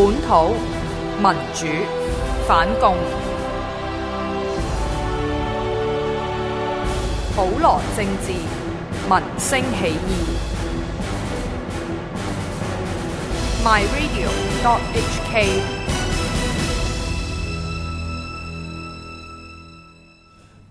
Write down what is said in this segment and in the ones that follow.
本土民主反共，普羅政治民生起義。MyRadio.hk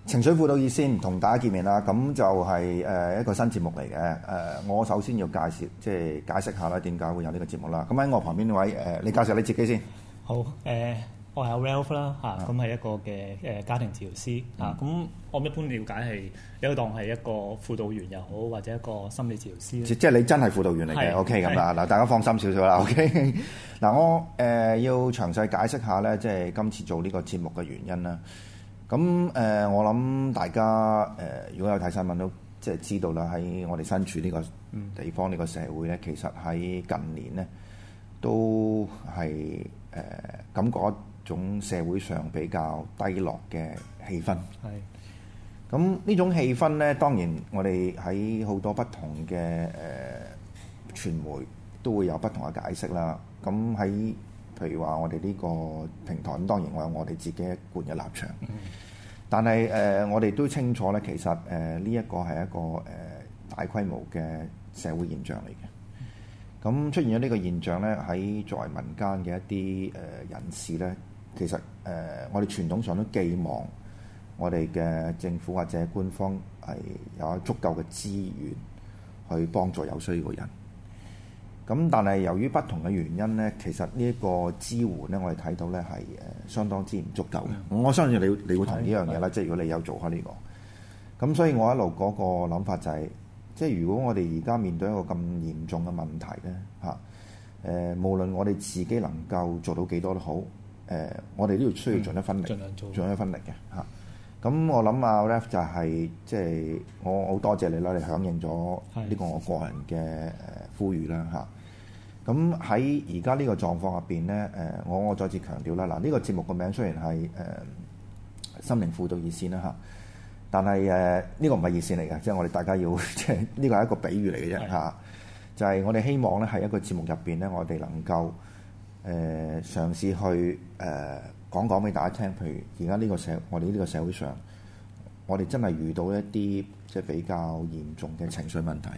情緒輔導師先，同大家見面啦。咁就係誒一個新節目嚟嘅。誒、呃，我首先要介紹，即係解釋下啦，點解會有呢個節目啦。咁、啊、喺我旁邊位誒、呃，你介紹你自己先。好誒、呃，我係 Ralph 啦嚇、啊，咁係、啊啊、一個嘅誒家庭治療師嚇。咁、啊啊啊啊、我一般了解係，有當係一個輔導員又好，或者一個心理治療師。即係你真係輔導員嚟嘅，OK 咁啦。嗱，大家放心少少、okay? 啦，OK。嗱、呃，我誒要，要，要詳細解釋下咧，即係今次，今次，今次，今次做呢個節目嘅原因啦。咁誒、呃，我諗大家誒、呃，如果有睇新聞都即係知道啦，喺我哋身處呢個地方、呢、嗯、個社會呢，其實喺近年呢，都係誒、呃、感覺一種社會上比較低落嘅氣氛。係是。咁呢種氣氛呢，當然我哋喺好多不同嘅誒、呃、傳媒都會有不同嘅解釋啦。咁喺譬如話我哋呢個平台，當然我有我哋自己一貫嘅立場，但係誒、呃、我哋都清楚咧，其實誒呢、呃、一個係一個誒大規模嘅社會現象嚟嘅。咁出現咗呢個現象咧，喺作為民間嘅一啲誒、呃、人士咧，其實誒、呃、我哋傳統上都寄望我哋嘅政府或者官方係有足夠嘅資源去幫助有需要嘅人。咁但係由於不同嘅原因咧，其實呢一個支援咧，我哋睇到咧係誒相當之唔足夠嘅。嗯、我相信你，你會同意呢樣嘢啦。的即係如果你有做開呢、這個，咁所以我一路嗰個諗法就係、是，即係如果我哋而家面對一個咁嚴重嘅問題咧，嚇誒無論我哋自己能夠做到幾多都好，誒我哋都要需要盡一分力，嗯、盡一分力嘅嚇。咁我諗啊 Ralph 就係、是、即係我好多謝你啦，你響應咗呢個我個人嘅誒呼籲啦嚇。咁喺而家呢個狀況入邊咧，誒，我我再次強調啦，嗱，呢個節目個名雖然係誒心靈輔導熱線啦嚇，但係誒呢個唔係熱線嚟嘅，即係我哋大家要，即係呢個係一個比喻嚟嘅啫嚇。就係我哋希望咧，喺一個節目入邊咧，我哋能夠誒嘗試去誒講講俾大家聽，譬如而家呢個社，我哋呢個社會上，我哋真係遇到一啲即係比較嚴重嘅情緒問題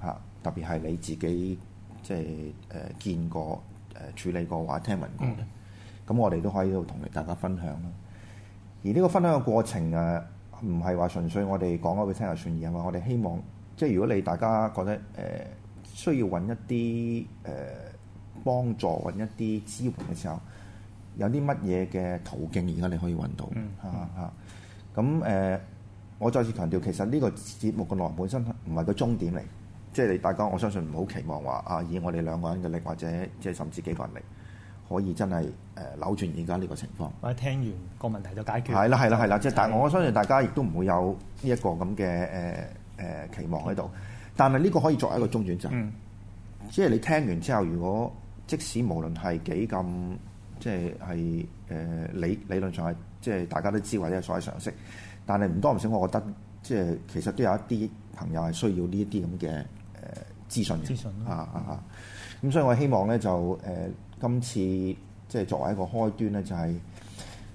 嚇，特別係你自己。即係誒、呃、見過誒、呃、處理過話聽聞過咧，咁、嗯、我哋都可以喺度同大家分享啦。而呢個分享嘅過程啊，唔係話純粹我哋講嗰句聽就算而啊嘛，係話我哋希望即係如果你大家覺得誒、呃、需要揾一啲誒、呃、幫助，揾一啲支援嘅時候，有啲乜嘢嘅途徑而家你可以揾到嚇嚇。咁誒、嗯嗯啊啊呃，我再次強調，其實呢個節目嘅內容本身唔係個終點嚟。即係大家，我相信唔好期望話啊，以我哋兩個人嘅力，或者即係甚至幾個人力，可以真係誒扭轉而家呢個情況。或者聽完個問題就解決。係啦係啦係啦，即係但係我相信大家亦都唔會有呢一個咁嘅誒誒期望喺度。但係呢個可以作為一個中轉站。即係、嗯、你聽完之後，如果即使無論係幾咁，即係係誒理理論上係，即係大家都知或者係所謂常識，但係唔多唔少，我覺得即係其實都有一啲朋友係需要呢一啲咁嘅。誒資訊嘅啊啊啊！咁、啊、所以我希望咧就誒、呃、今次即係作為一個開端咧，就係、是、誒、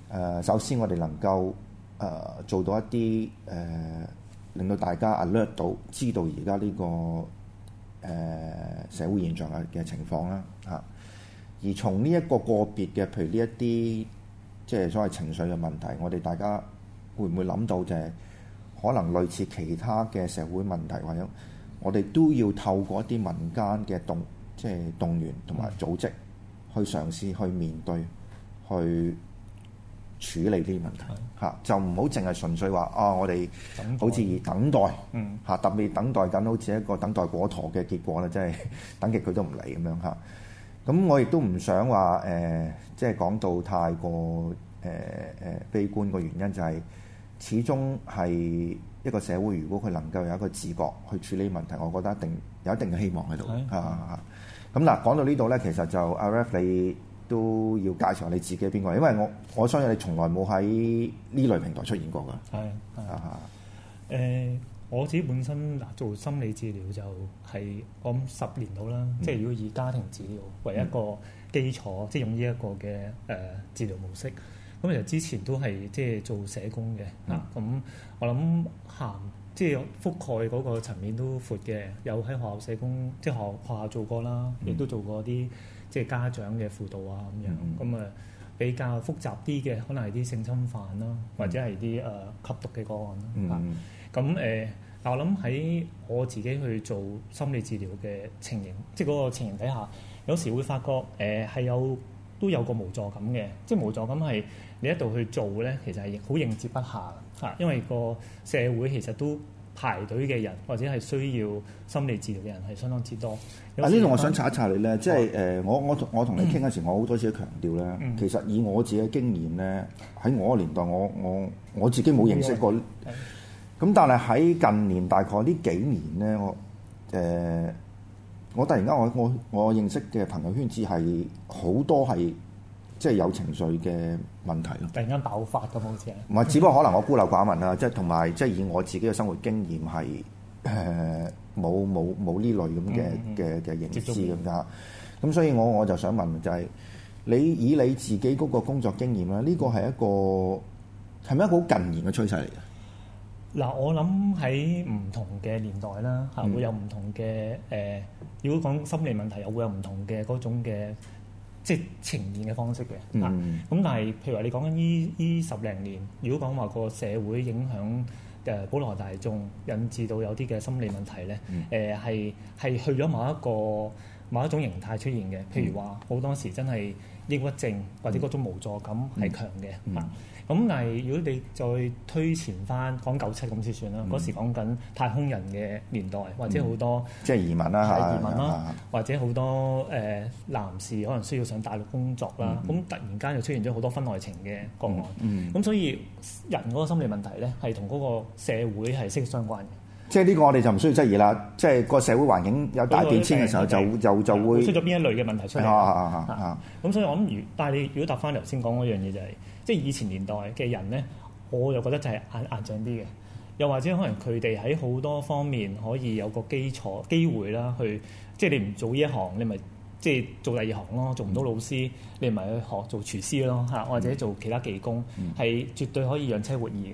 呃、首先我哋能夠誒、呃、做到一啲誒、呃、令到大家 alert 到知道而家呢個誒、呃、社會現象嘅嘅情況啦嚇。而從呢一個個別嘅，譬如呢一啲即係所謂情緒嘅問題，我哋大家會唔會諗到就係、是、可能類似其他嘅社會問題或者？我哋都要透過一啲民間嘅動，即係動員同埋組織，去嘗試去面對、去處理呢啲問題。嚇，就唔好淨係純粹話啊！我哋好似等待嚇特別等待緊，好似一個等待果陀嘅結果咧，即係等極佢都唔嚟咁樣嚇。咁我亦都唔想話誒，即係講到太過誒誒悲觀。個原因就係始終係。一個社會，如果佢能夠有一個自覺去處理問題，我覺得一定有一定嘅希望喺度。咁嗱的，講的到呢度呢，其實就阿 Ralph 你都要介紹下你自己係邊個，因為我我相信你從來冇喺呢類平台出現過㗎。係啊，我自己本身做心理治療就係、是、我諗十年到啦，即係如果以家庭治療為一個基礎，即係、嗯、用呢一個嘅誒治療模式。咁其實之前都係即係做社工嘅，啊咁我諗行即係覆蓋嗰個層面都闊嘅，有喺學校社工，即、就、係、是、學校學校做過啦，亦都、嗯、做過啲即係家長嘅輔導啊咁樣，咁啊、嗯、比較複雜啲嘅，可能係啲性侵犯啦，嗯、或者係啲誒吸毒嘅個案啦，啊咁誒，但我諗喺我自己去做心理治療嘅情形，即係嗰個情形底下，有時會發覺誒係、呃、有。都有個無助感嘅，即係無助感係你一度去做咧，其實係好應接不暇嚇，的因為個社會其實都排隊嘅人或者係需要心理治療嘅人係相當之多。啊，呢度我想查一查你咧，哦、即係誒、呃，我我我同你傾嘅時，我好、嗯、多次都強調咧，嗯、其實以我自己嘅經驗咧，喺我個年代，我我我自己冇認識過，咁、嗯嗯、但係喺近年大概呢幾年咧，我誒。呃嗯我突然間我，我我我認識嘅朋友圈子係好多係即係有情緒嘅問題咯。突然間爆發咁好似。唔係，只不過可能我孤陋寡聞啦，即係同埋即係以我自己嘅生活經驗係誒冇冇冇呢類咁嘅嘅嘅認知咁解。咁所以我我就想問就係、是、你以你自己嗰個工作經驗啦，呢個係一個係咪一個好近年嘅趨勢嚟咧？嗱，我諗喺唔同嘅年代啦，嚇會有唔同嘅誒，如果講心理問題又會有唔同嘅嗰種嘅即係呈現嘅方式嘅，嚇。咁但係譬如話你講緊呢呢十零年，如果講話個社會影響誒普羅大眾，引致到有啲嘅心理問題咧，誒係係去咗某一個某一種形態出現嘅，譬如話，好多時真係抑鬱症或者嗰種無助感係強嘅。咁、嗯，嗯、但係如果你再推前翻講九七咁先算啦，嗰、嗯、時講緊太空人嘅年代，或者好多、嗯、即係移民啦移民啦，嗯嗯嗯、或者好多誒、呃、男士可能需要上大陸工作啦，咁、嗯嗯、突然間又出現咗好多婚外情嘅個案。咁、嗯嗯嗯、所以人嗰個心理問題咧，係同嗰個社會係息息相關嘅。即係呢個我哋就唔需要質疑啦。即係個社會環境有大變遷嘅時候就、嗯就，就就就會出咗邊一類嘅問題出嚟、啊。啊咁、啊啊啊、所以我諗，如但係你如果答翻頭先講嗰樣嘢就係、是，即係以前年代嘅人咧，我又覺得就係硬硬頸啲嘅，又或者可能佢哋喺好多方面可以有個基礎機會啦，去即係你唔做呢一行，你咪。即係做第二行咯，做唔到老師，嗯、你咪去學做廚師咯嚇，嗯、或者做其他技工，係、嗯、絕對可以養妻活兒嘅。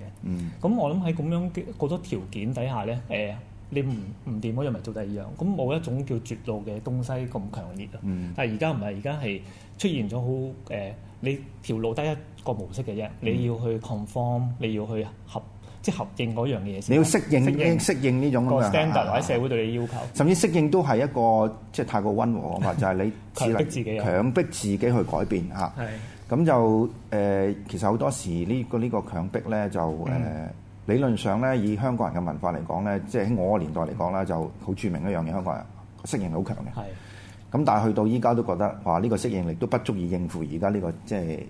咁、嗯、我諗喺咁樣好多條件底下咧，誒、呃、你唔唔掂，我又咪做第二樣，咁冇一種叫絕路嘅東西咁強烈啊。嗯、但係而家唔係，而家係出現咗好誒，你條路得一個模式嘅啫，你要去 conform、嗯、你要去合。即係適應嗰樣嘢先，你要適應呢，適應呢種啊嘛，standard 或者社會對你要求，甚至適應都係一個即係太過溫和嘅話，就係、是、你強迫自己，強迫自己去改變嚇。咁、 啊、就誒、呃，其實好多時呢、這個呢、這個強迫咧，就誒、呃嗯、理論上咧，以香港人嘅文化嚟講咧，即係喺我個年代嚟講咧，就好著名一樣嘢，香港人適應好強嘅。咁是但係去到依家都覺得話呢、這個適應力都不足以應付而家呢個即係。即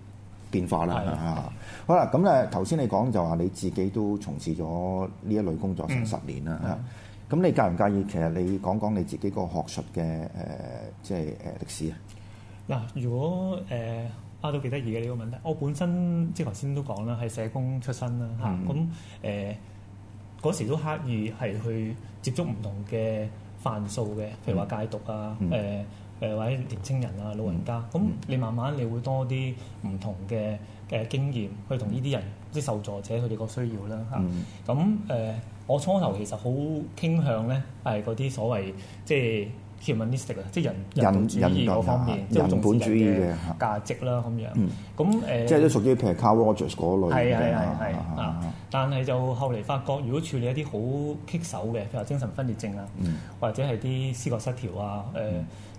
變化啦嚇！好啦的，咁咧頭先你講就話你自己都從事咗呢一類工作成十年啦嚇，咁的、啊、你介唔介意其實你講講你自己個學術嘅誒、呃，即係誒歷史啊？嗱，如果誒啊都幾得意嘅呢個問題，我本身即頭先都講啦，係社工出身啦嚇，咁誒嗰時都刻意係去接觸唔同嘅範疇嘅，譬如話戒毒啊誒。啊啊嗯誒或者年青人啊、老人家，咁、嗯、你慢慢你會多啲唔同嘅嘅經驗，嗯、去同呢啲人，即、就、啲、係、受助者佢哋個需要啦嚇。咁誒、嗯呃，我初頭其實好傾向咧，係嗰啲所謂即係。humanistic 啊，即人人本主義嗰方面，人本主義嘅價值啦，咁樣。咁誒，即係都屬於 Carl Rogers 嗰類嘅。係係係。啊！但係就後嚟發覺，如果處理一啲好棘手嘅，譬如話精神分裂症啊，或者係啲思覺失調啊、誒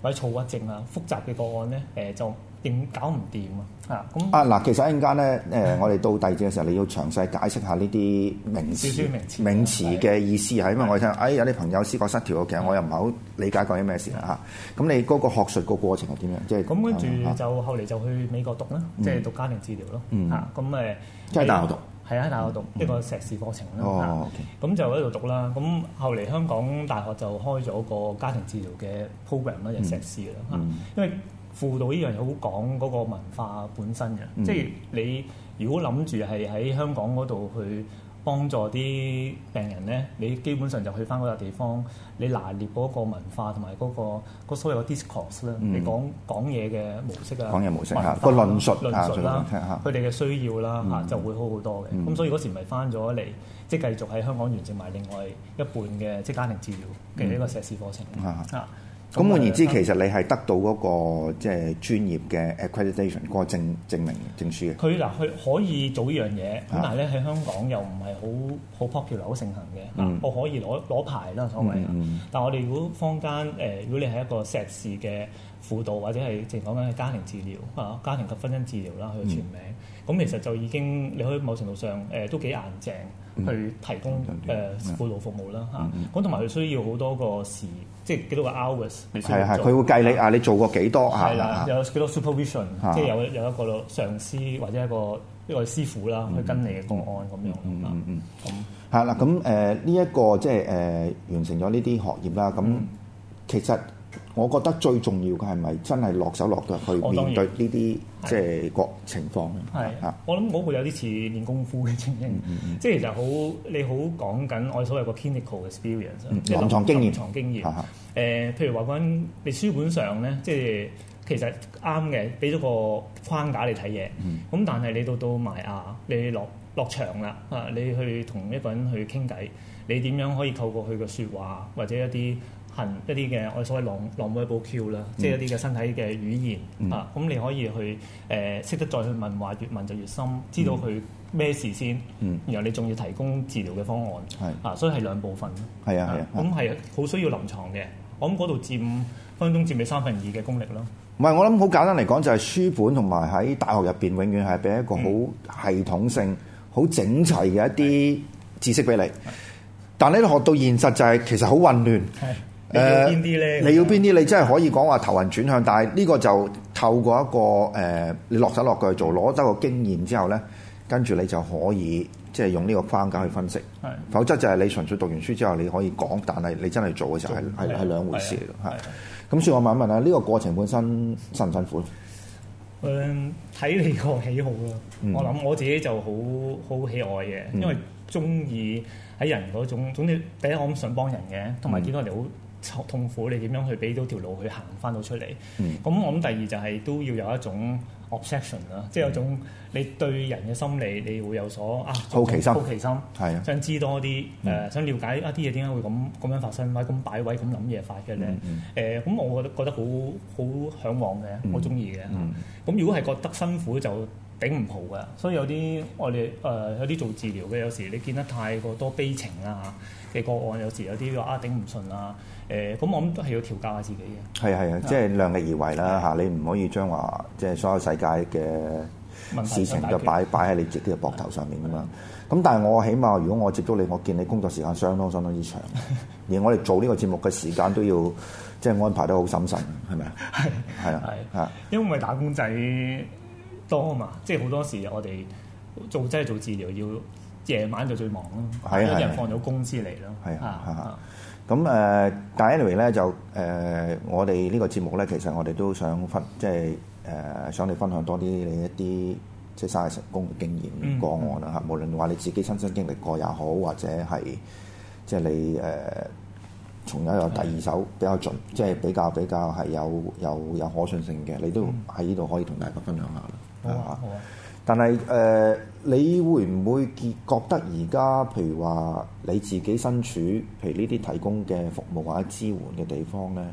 或者躁鬱症啊，複雜嘅個案咧，誒就。認搞唔掂啊！啊咁啊嗱，其實一陣間咧，誒我哋到第二節嘅時候，你要詳細解釋下呢啲名詞，名詞嘅意思，因為我聽，誒有啲朋友思覺失調嘅，其實我又唔係好理解講啲咩事嚇。咁你嗰個學術個過程係點樣？即係咁跟住就後嚟就去美國讀啦，即係讀家庭治療咯嚇。咁誒，即係喺大學讀係啊，喺大學讀一個碩士課程啦。咁就喺度讀啦。咁後嚟香港大學就開咗個家庭治療嘅 program 啦，就碩士啦，因為。輔導依樣嘢好講嗰個文化本身嘅，嗯、即係你如果諗住係喺香港嗰度去幫助啲病人咧，你基本上就去翻嗰笪地方，你拿捏嗰個文化同埋嗰個嗰所謂 discourse 咧、嗯，你講講嘢嘅模式，模式化啊，講嘢模式嚇個論述嚇啦，佢哋嘅需要啦嚇、啊、就會好好多嘅，咁、嗯啊啊、所以嗰時咪翻咗嚟，即係繼續喺香港完成埋另外一半嘅即係家庭治療嘅呢個，個碩士課程、嗯、啊。啊咁換言之，其實你係得到嗰、那個即係專業嘅 accreditation 嗰個證，證明證書嘅。佢嗱佢可以做依樣嘢，咁是、啊、但係咧喺香港又唔係好好 popular 好盛行嘅。嚇、嗯啊，我可以攞攞牌啦，所謂。但係我哋如果坊間誒、呃，如果你係一個碩士嘅輔導或者係正講緊係家庭治療啊，家庭及婚姻治療啦，佢嘅全名。咁、嗯嗯、其實就已經你可以某程度上誒、呃、都幾硬淨。去提供誒輔導服務啦嚇，咁同埋佢需要好多個時，即係幾多個 hours。係啊係，佢會計你啊，你做過幾多嚇？係啦，有幾多 supervision，即係有有一個上司或者一個一個師傅啦，去跟你嘅個案咁樣。嗯嗯嗯。係啦，咁誒呢一個即係誒完成咗呢啲學業啦，咁其實。我覺得最重要嘅係咪真係落手落腳去面對呢啲即係個情況？係啊，我諗我會有啲似練功夫嘅情形。即係其實好，你好講緊我所謂個 clinical experience，臨床經驗。臨牀經驗、嗯經驗呃、譬如話講，你書本上咧，即係其實啱嘅，俾咗個框架你睇嘢。咁但係你到到埋啊，你落落場啦，啊，你去同一個人去傾偈，你點樣可以透過佢嘅説話或者一啲行一啲嘅我哋所謂朗朗姆嘅步啦，即係一啲嘅身體嘅語言啊，咁你可以去誒識得再去問話，越問就越深，知道佢咩事先，然後你仲要提供治療嘅方案，啊，所以係兩部分，係啊係啊，咁係好需要臨床嘅，我諗嗰度佔分鐘佔你三分二嘅功力咯。唔係我諗好簡單嚟講，就係書本同埋喺大學入邊，永遠係俾一個好系統性、好整齊嘅一啲知識俾你。但你學到現實就係其實好混亂。誒，你要邊啲咧？你要邊啲？你真係可以講話頭暈轉向，但係呢個就透過一個誒、呃，你落手落腳去做，攞得個經驗之後咧，跟住你就可以即係用呢個框架去分析。係的，否則就係你純粹讀完書之後你可以講，但係你真係做嘅時候係係係兩回事嚟㗎。係。咁，所以我問一問啦，呢、這個過程本身辛唔辛苦咧？誒、嗯，睇你個喜好啦。我諗我自己就好好喜愛嘅，因為中意喺人嗰種，總之第一我咁想幫人嘅，同埋見到你好，嗯痛苦，你點樣去俾到條路去行翻到出嚟？咁、嗯、我諗第二就係都要有一種 obsession 啦、嗯，即係有種你對人嘅心理，你會有所啊好奇心、好奇心，係啊，的想知多啲誒、嗯呃，想了解一啲嘢點解會咁、咁樣、樣發生，或者咁擺位、咁諗嘢法嘅咧。誒、嗯，咁、嗯呃、我覺得覺得好好嚮往嘅，好中意嘅。咁、嗯嗯嗯嗯、如果係覺得辛苦就～頂唔好嘅，所以有啲我哋誒、呃、有啲做治療嘅，有時你見得太過多悲情啊嘅個案，有時有啲話啊頂唔順啊，誒咁、呃、我諗都係要調教下自己嘅。係係啊，即係是量力而為啦嚇，是是你唔可以將話即係所有世界嘅事情都擺擺喺你自己嘅膊頭上面㗎嘛。咁是但係我起碼如果我接到你，我見你工作時間相當相當之長，而 我哋做呢個節目嘅時間都要即係、就是、安排得好審慎，係咪啊？係係啊，因為打工仔。多啊嘛，即係好多時我，我哋做即係做治療，要夜晚就最忙咯，啲的人放咗工先嚟咯。係啊的，咁誒，的嗯、但係 anyway 咧就誒、呃，我哋呢個節目咧，其實我哋都想分，即係誒、呃，想你分享多啲你一啲即係嘥成功嘅經驗、嗯、個案啦嚇。無論話你自己親身，身經歷過也好，或者係即係你誒、呃、從有一第二手比較準，即係的比較比較係有有有可信性嘅，你都喺呢度可以同大家分享下。好啊！好啊，但係誒、呃，你會唔會結覺得而家，譬如話你自己身處，譬如呢啲提供嘅服務或者支援嘅地方咧，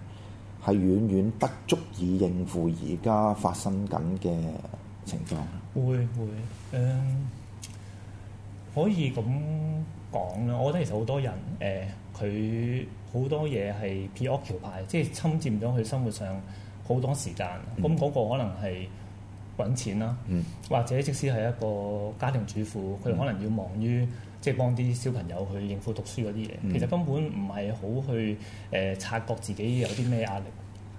係遠遠不足以應付而家發生緊嘅情況？會會誒、呃，可以咁講啦。我覺得其實好多人誒，佢、呃、好多嘢係 preoccupied，即係侵佔咗佢生活上好多時間。咁嗰、嗯、個可能係，揾錢啦，或者即使係一個家庭主婦，佢可能要忙於即係幫啲小朋友去應付讀書嗰啲嘢，其實根本唔係好去誒、呃、察覺自己有啲咩壓力。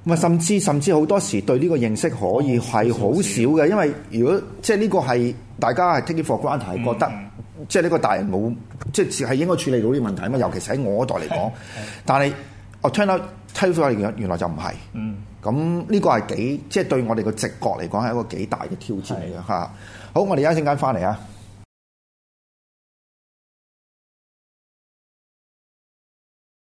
唔係，甚至甚至好多時對呢個認識可以係好、哦、少嘅，因為如果即係呢個係大家係 take it for granted，覺得、嗯、即係呢個大人冇即係係應該處理到啲問題啊嘛。尤其係喺我一代嚟講，但係我 turn out take care of 原來就唔係。嗯咁呢個係幾，即係對我哋個直覺嚟講係一個幾大嘅挑戰嚟嘅嚇。好，我哋一陣間翻嚟啊。